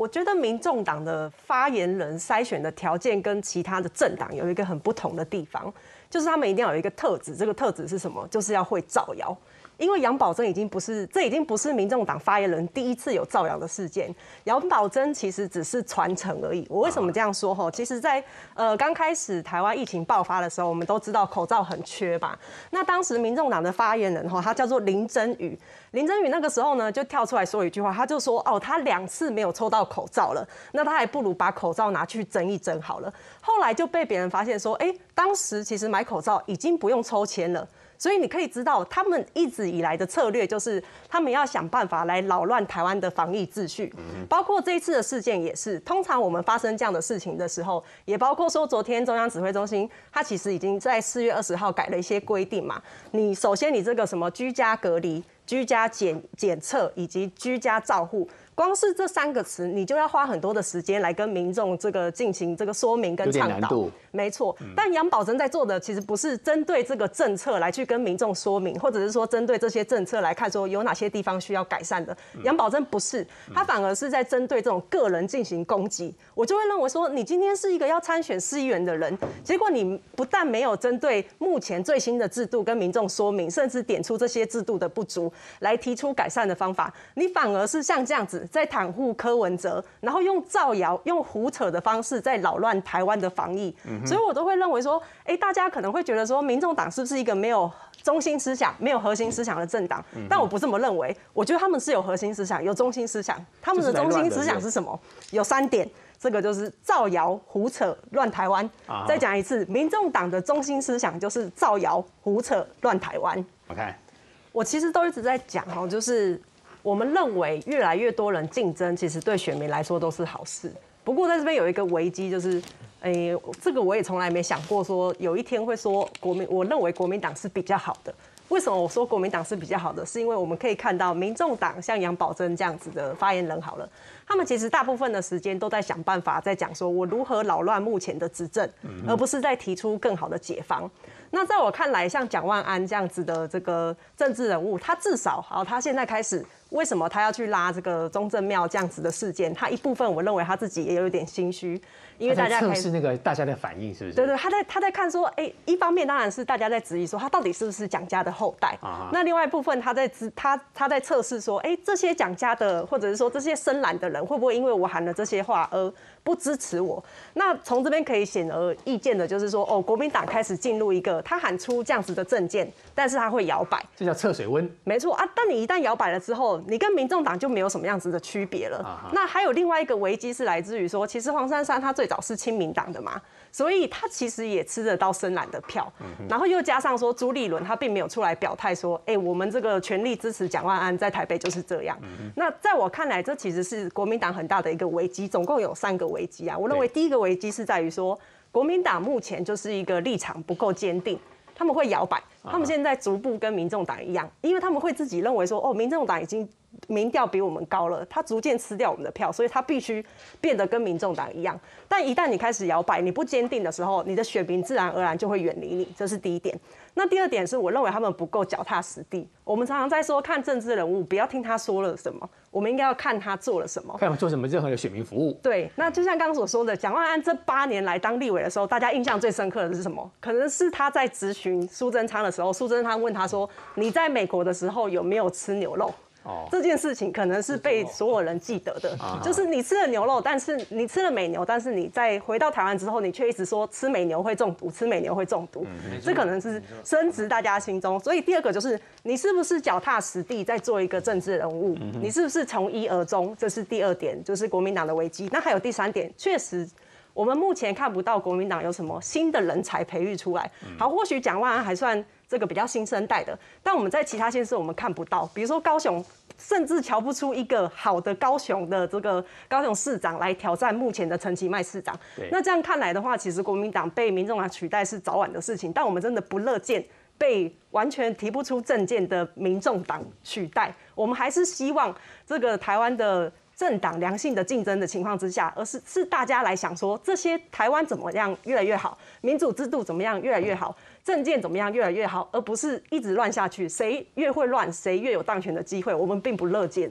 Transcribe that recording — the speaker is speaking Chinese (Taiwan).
我覺得民眾黨的發言人篩選的條件跟其他的政黨有一個很不同的地方。就是他們一定要有一個特質，這個特質是什麼？就是要會造謠。因為楊寶楨已經不是，這已經不是民眾黨發言人第一次有造謠的事件。楊寶楨其實只是傳承而已。我為什麼這樣說？吼，其實，在呃剛開始台灣疫情爆發的時候，我們都知道口罩很缺吧？那當時民眾黨的發言人哈，他叫做林珍羽。林珍羽那個時候呢，就跳出來說一句話，他就說：“哦，他兩次沒有抽到口罩了，那他還不如把口罩拿去蒸一蒸好了。”後來就被別人發現說：“哎。”當時其實買口罩已經不用抽籤了，所以你可以知道他們一直以來的策略就是他們要想辦法來擾亂台灣的防疫秩序，包括這一次的事件也是。通常我們發生這樣的事情的時候，也包括說昨天中央指揮中心他其實已經在四月二十號改了一些規定嘛。你首先你這個什麼居家隔離，居家檢檢測以及居家照護，光是這三個詞，你就要花很多的時間來跟民眾這個進行這個說明跟倡導。沒錯、嗯，但楊寶楨在做的其實不是針對這個政策來去跟民眾說明，或者是說針對這些政策來看說有哪些地方需要改善的。楊寶楨不是，他反而是在針對這種個人進行攻擊。我就會認為說，你今天是一個要參選市議員的人，結果你不但沒有針對目前最新的制度跟民眾說明，甚至點出這些制度的不足，來提出改善的方法，你反而是像這樣子在袒護柯文哲，然後用造謠、用胡扯的方式在擾亂台灣的防疫。嗯、所以，我都會認為說、欸，大家可能會覺得說，民眾黨是不是一個沒有中心思想、沒有核心思想的政黨、嗯？但我不這麼認為，我覺得他們是有核心思想、有中心思想。他們的中心思想是什麼？有三點，這個就是造謠、胡扯、亂台灣、啊。再講一次，民眾黨的中心思想就是造謠、胡扯、亂台灣。OK。我其實都一直在講哦，就是我們認為越來越多人競爭，其實對選民來說都是好事。不過在這邊有一個危機，就是，誒，這個我也從來沒想過說有一天會說國民，我認為國民黨是比較好的。為什麼我說國民黨是比較好的？是因為我們可以看到民眾黨像楊寶楨這樣子的發言人，好了，他們其實大部分的時間都在想辦法，在講說我如何擾亂目前的執政，嗯，而不是在提出更好的解方。那在我看來，像蔣萬安這樣子的這個政治人物，他至少好，他現在開始。為什麼他要去拉這個中正廟這樣子的事件？他一部分我認為他自己也有點心虛，因為大家測試那個大家的反應是不是？對對，他在他在看說，哎，一方面當然是大家在質疑說他到底是不是蔣家的後代啊。那另外一部分他在他他，他在測試說，哎，這些蔣家的或者是說這些深藍的人會不會因為我喊了這些話而不支持我？那從這邊可以顯而易見的就是說，哦，國民黨開始進入一個他喊出這樣子的政見，但是他會搖擺，這叫測水溫。沒錯啊，但你一旦搖擺了之後。你跟民眾黨就沒有什麼樣子的區別了。那還有另外一個危機是來自於說，其實黃珊珊她最早是親民黨的嘛，所以她其實也吃得到深藍的票。然後又加上說朱立倫他並沒有出來表態說，哎，我們這個全力支持蔣萬安在台北就是這樣。那在我看來，這其實是國民黨很大的一個危機。總共有三個危機啊，我認為第一個危機是在於說，國民黨目前就是一個立場不夠堅定，他們會搖擺。他們現在逐步跟民眾黨一樣，因為他們會自己認為說，哦，民眾黨已經民調比我們高了，他逐漸吃掉我們的票，所以他必須變得跟民眾黨一樣。但一旦你開始搖擺，你不堅定的時候，你的選民自然而然就會遠離你，這是第一點。那第二點是我認為他們不夠腳踏實地。我們常常在說看政治人物，不要聽他說了什麼，我們應該要看他做了什麼，看他做什麼任何的選民服務。對，那就像剛剛所說的，蔣萬安這八年來當立委的時候，大家印象最深刻的是什麼？可能是他在質詢蘇貞昌的。的時候，蘇貞昌問他說：“你在美國的時候有沒有吃牛肉？”哦、這件事情可能是被所有人記得的，哦、就是你吃了牛肉，但是你吃了美牛，但是你在回到台灣之後，你卻一直說吃美牛會中毒，吃美牛會中毒、嗯，這可能是深植大家心中。所以第二個就是你是不是腳踏實地在做一個政治人物、嗯？你是不是從一而終？這是第二點，就是國民黨的危機。那還有第三點，確實。我們目前看不到國民黨有什麼新的人才培育出來。好，或許蔣萬安還算這個比較新生代的，但我們在其他縣市我們看不到。比如說高雄，甚至瞧不出一個好的高雄的這個高雄市長來挑戰目前的陳其邁市長。那這樣看來的話，其實國民黨被民眾黨取代是早晚的事情。但我們真的不樂見被完全提不出政見的民眾黨取代。我們還是希望這個台灣的政黨良性的競爭的情況之下，而是是大家來想說這些台灣怎麼樣越來越好，民主制度怎麼樣越來越好，政見怎麼樣越來越好，而不是一直亂下去，誰越會亂，誰越有當權的機會，我們並不樂見。